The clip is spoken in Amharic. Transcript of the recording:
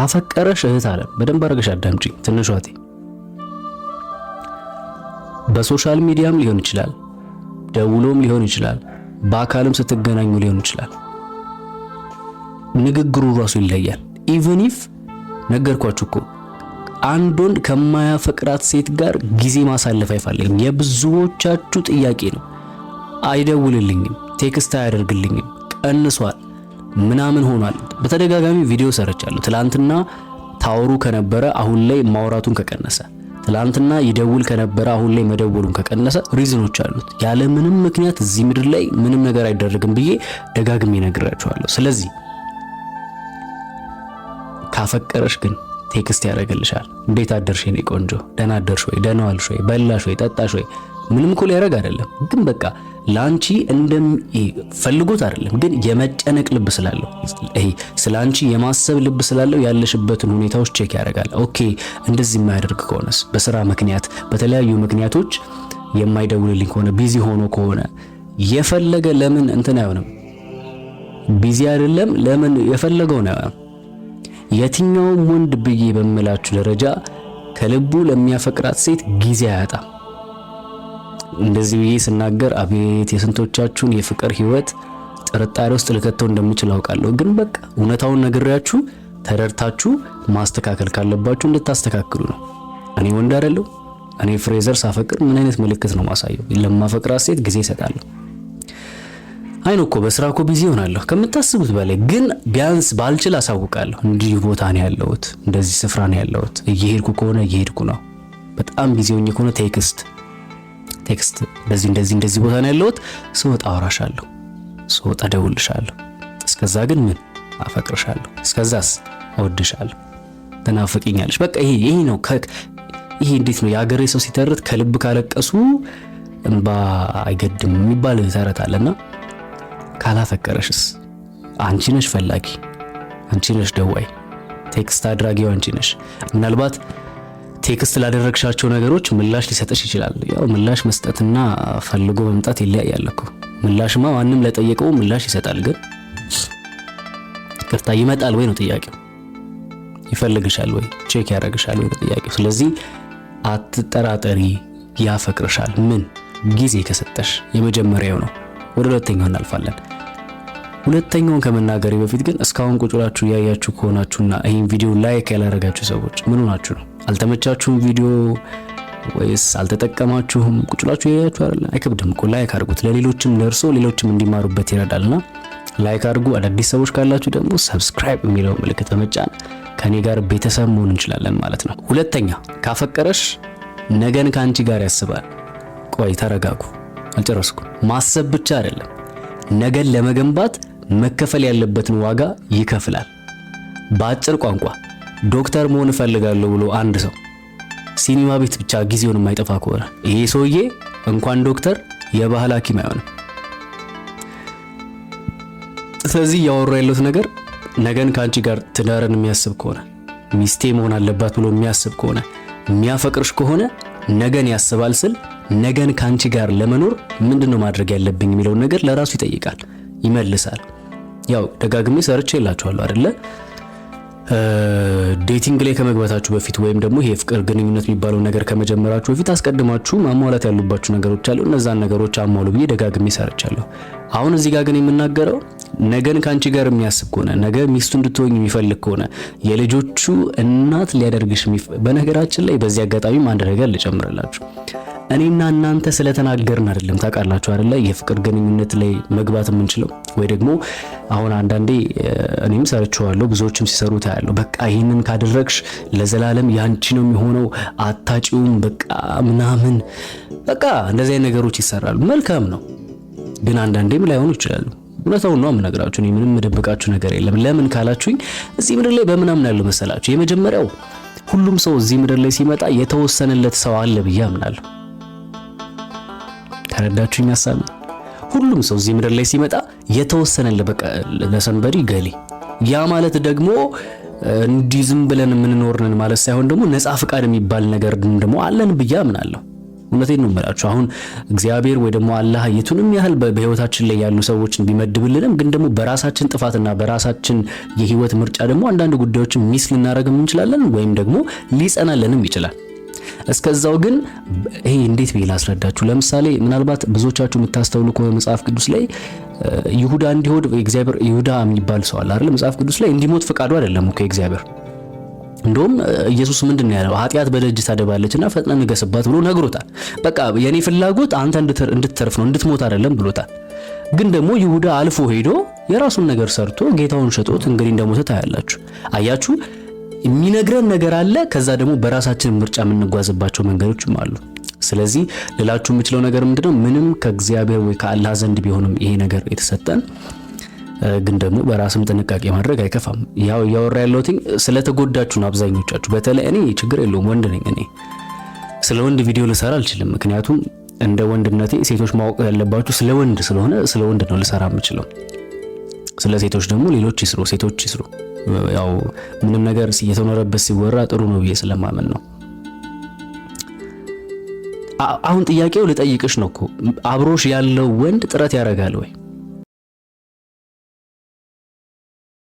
ካፈቀረሽ እህት አለ በደንብ አድርገሽ አዳምጪ። ትንሿ በሶሻል ሚዲያም ሊሆን ይችላል፣ ደውሎም ሊሆን ይችላል፣ በአካልም ስትገናኙ ሊሆን ይችላል። ንግግሩ ራሱ ይለያል። ኢቨን ኢፍ ነገርኳችሁ እኮ አንድ ወንድ ከማያፈቅራት ሴት ጋር ጊዜ ማሳለፍ አይፈልግም። የብዙዎቻችሁ ጥያቄ ነው። አይደውልልኝም፣ ቴክስት አያደርግልኝም፣ ቀንሷል ምናምን ሆኗል። በተደጋጋሚ ቪዲዮ ሰርቻለሁ። ትላንትና ታወሩ ከነበረ አሁን ላይ ማውራቱን ከቀነሰ፣ ትላንትና ይደውል ከነበረ አሁን ላይ መደወሉን ከቀነሰ ሪዝኖች አሉት። ያለ ምንም ምክንያት እዚህ ምድር ላይ ምንም ነገር አይደረግም ብዬ ደጋግሜ ነግራችኋለሁ። ስለዚህ ካፈቀረሽ ግን ቴክስት ያደርግልሻል። እንዴት አደርሽ የኔ ቆንጆ? ደህና አደርሽ ወይ? ደህና ዋልሽ ወይ? በላሽ ወይ? ጠጣሽ ወይ? ምንም እኮ ሊያደርግ አይደለም፣ ግን በቃ ላንቺ እንደም ፈልጎት አይደለም፣ ግን የመጨነቅ ልብ ስላለው ይሄ ስላንቺ የማሰብ ልብ ስላለው ያለሽበትን ሁኔታዎች ቼክ ያደርጋል። ኦኬ እንደዚህ የማያደርግ ከሆነስ በስራ ምክንያት በተለያዩ ምክንያቶች የማይደውልልኝ ከሆነ ቢዚ ሆኖ ከሆነ የፈለገ ለምን እንትን አይሆንም ቢዚ አይደለም ለምን የፈለገው ነው። የትኛውም ወንድ ብዬ በምላችሁ ደረጃ ከልቡ ለሚያፈቅራት ሴት ጊዜ አያጣም። እንደዚህ ብዬ ስናገር አቤት የስንቶቻችሁን የፍቅር ህይወት ጥርጣሬ ውስጥ ልከተው እንደምችል አውቃለሁ። ግን በቃ እውነታውን ነግሬያችሁ ተረድታችሁ ማስተካከል ካለባችሁ እንድታስተካክሉ ነው። እኔ ወንድ አይደለሁ። እኔ ፍሬዘር ሳፈቅር ምን አይነት ምልክት ነው ማሳየው? ለማፈቅራት ሴት ጊዜ ይሰጣለሁ። አይኖ እኮ በስራ እኮ ቢዚ ሆናለሁ ከምታስቡት በላይ ግን ቢያንስ ባልችል አሳውቃለሁ። እንዲህ ቦታ ነው ያለሁት፣ እንደዚህ ስፍራ ነው ያለሁት፣ እየሄድኩ ከሆነ እየሄድኩ ነው፣ በጣም ቢዚ ሆኜ ከሆነ ቴክስት ቴክስት እንደዚህ እንደዚህ እንደዚህ ቦታ ነው ያለሁት፣ ስወጣ አወራሻለሁ፣ ስወጣ ደውልሻለሁ። እስከዛ ግን ምን አፈቅርሻለሁ፣ እስከዛስ እወድሻለሁ፣ ትናፍቅኛለሽ። በቃ ይሄ ይሄ ነው። ይሄ እንዴት ነው የአገሬ ሰው ሲተርት ከልብ ካለቀሱ እንባ አይገድም የሚባል ተረት አለና ካላፈቀረሽስ አንቺ ነሽ ፈላጊ፣ አንቺ ነሽ ደዋይ፣ ቴክስት አድራጊው አንቺ ነሽ ምናልባት ቴክስት ላደረግሻቸው ነገሮች ምላሽ ሊሰጥሽ ይችላል። ያው ምላሽ መስጠትና ፈልጎ መምጣት ይለያያል እኮ። ምላሽማ ማንም ለጠየቀው ምላሽ ይሰጣል፣ ግን ቅርታ ይመጣል ወይ ነው ጥያቄው። ይፈልግሻል ወይ ቼክ ያደርግሻል ወይ ነው ጥያቄው። ስለዚህ አትጠራጠሪ፣ ያፈቅርሻል። ምን ጊዜ ከሰጠሽ የመጀመሪያው ነው። ወደ ሁለተኛው እናልፋለን። ሁለተኛውን ከመናገሬ በፊት ግን እስካሁን ቁጭ ብላችሁ ያያችሁ ከሆናችሁና ይህን ቪዲዮ ላይክ ያላረጋችሁ ሰዎች ምን ሆናችሁ ነው? አልተመቻችሁም ቪዲዮ ወይስ አልተጠቀማችሁም? ቁጭላችሁ ይያችሁ አይደል? አይከብድም እኮ ላይክ አድርጉት፣ ለሌሎችም ደርሶ ሌሎችም እንዲማሩበት ይረዳልና ላይክ አድርጉ። አዳዲስ ሰዎች ካላችሁ ደግሞ ሰብስክራይብ የሚለው ምልክት በመጫን ከኔ ጋር ቤተሰብ መሆን እንችላለን ማለት ነው። ሁለተኛ ካፈቀረሽ ነገን ከአንቺ ጋር ያስባል። ቆይ ተረጋጉ፣ አልጨረስኩ። ማሰብ ብቻ አይደለም ነገን ለመገንባት መከፈል ያለበትን ዋጋ ይከፍላል። በአጭር ቋንቋ ዶክተር መሆን እፈልጋለሁ ብሎ አንድ ሰው ሲኒማ ቤት ብቻ ጊዜውን የማይጠፋ ከሆነ ይሄ ሰውዬ እንኳን ዶክተር የባህል ሐኪም አይሆንም። ስለዚህ እያወሩ ያለሁት ነገር ነገን ከአንቺ ጋር ትዳርን የሚያስብ ከሆነ ሚስቴ መሆን አለባት ብሎ የሚያስብ ከሆነ የሚያፈቅርሽ ከሆነ ነገን ያስባል ስል ነገን ከአንቺ ጋር ለመኖር ምንድን ነው ማድረግ ያለብኝ የሚለውን ነገር ለራሱ ይጠይቃል፣ ይመልሳል። ያው ደጋግሜ ሰርቼ የላችኋለሁ አደለ ዴቲንግ ላይ ከመግባታችሁ በፊት ወይም ደግሞ ይሄ ፍቅር ግንኙነት የሚባለው ነገር ከመጀመራችሁ በፊት አስቀድማችሁ ማሟላት ያሉባችሁ ነገሮች አሉ። እነዛን ነገሮች አሟሉ ብዬ ደጋግሜ ሰርቻለሁ። አሁን እዚህ ጋር ግን የምናገረው ነገን ከአንቺ ጋር የሚያስብ ከሆነ ነገ ሚስቱ እንድትሆኝ የሚፈልግ ከሆነ የልጆቹ እናት ሊያደርግሽ በነገራችን ላይ በዚህ አጋጣሚም አንድ ነገር ልጨምርላችሁ እኔና እናንተ ስለተናገርን አይደለም። ታውቃላችሁ አይደለ? የፍቅር ግንኙነት ላይ መግባት የምንችለው ወይ ደግሞ አሁን አንዳንዴ እኔም ሰርቼዋለሁ፣ ብዙዎችም ሲሰሩት ያለው በቃ ይህንን ካደረግሽ ለዘላለም ያንቺ ነው የሚሆነው አታጪውም፣ በቃ ምናምን በቃ እንደዚህ አይነት ነገሮች ይሰራሉ። መልካም ነው፣ ግን አንዳንዴም ላይሆኑ ይችላሉ። እውነታውን ነው የምነግራችሁ። ምንም የምደብቃችሁ ነገር የለም። ለምን ካላችሁኝ እዚህ ምድር ላይ በምናምን ያለው መሰላችሁ? የመጀመሪያው ሁሉም ሰው እዚህ ምድር ላይ ሲመጣ የተወሰነለት ሰው አለ ብዬ አምናለሁ። ተረዳችሁ ይመስላል። ሁሉም ሰው እዚህ ምድር ላይ ሲመጣ የተወሰነ ለሰንበሪ ገሌ ያ ማለት ደግሞ እንዲህ ዝም ብለን የምንኖርንን ማለት ሳይሆን ደግሞ ነጻ ፍቃድ የሚባል ነገር ደግሞ አለን ብዬ አምናለሁ። እውነቴን ነው የምላችሁ። አሁን እግዚአብሔር ወይ ደግሞ አላህ የቱንም ያህል በህይወታችን ላይ ያሉ ሰዎችን ቢመድብልንም ግን ደግሞ በራሳችን ጥፋትና በራሳችን የህይወት ምርጫ ደግሞ አንዳንድ ጉዳዮችን ሚስ ልናደርግም እንችላለን ወይም ደግሞ ሊጸናለንም ይችላል። እስከዛው ግን ይሄ እንዴት ብዬ ላስረዳችሁ? ለምሳሌ ምናልባት ብዙዎቻችሁ የምታስተውሉ ከሆነ መጽሐፍ ቅዱስ ላይ ይሁዳ እንዲሆድ እግዚአብሔር ይሁዳ የሚባል ሰው አለ አይደል? መጽሐፍ ቅዱስ ላይ እንዲሞት ፈቃዱ አይደለም እኮ እግዚአብሔር። እንደውም ኢየሱስ ምንድን ነው ያለው? ኃጢአት በደጅ ታደባለችና ፈጥነ ንገስባት ብሎ ነግሮታል። በቃ የኔ ፍላጎት አንተ እንድትተርፍ ነው እንድትሞት አይደለም ብሎታል። ግን ደግሞ ይሁዳ አልፎ ሄዶ የራሱን ነገር ሰርቶ ጌታውን ሸጦት እንግዲህ እንደሞተ ታያላችሁ። አያችሁ የሚነግረን ነገር አለ። ከዛ ደግሞ በራሳችን ምርጫ የምንጓዝባቸው መንገዶችም አሉ። ስለዚህ ልላችሁ የምችለው ነገር ምንድነው? ምንም ከእግዚአብሔር ወይ ከአላህ ዘንድ ቢሆንም ይሄ ነገር የተሰጠን ግን ደግሞ በራስም ጥንቃቄ ማድረግ አይከፋም። ያው እያወራ ያለሁት ስለተጎዳችሁ ነው። አብዛኞቻችሁ በተለይ እኔ ችግር የለውም ወንድ ነኝ። እኔ ስለ ወንድ ቪዲዮ ልሰራ አልችልም። ምክንያቱም እንደ ወንድነቴ ሴቶች ማወቅ ያለባችሁ ስለ ወንድ ስለሆነ ስለ ወንድ ነው ልሰራ የምችለው። ስለ ሴቶች ደግሞ ሌሎች ይስሩ፣ ሴቶች ይስሩ። ያው ምንም ነገር እየተኖረበት ሲወራ ጥሩ ነው ብዬ ስለማመን ነው። አሁን ጥያቄው ልጠይቅሽ ነው እኮ አብሮሽ ያለው ወንድ ጥረት ያደርጋል ወይ?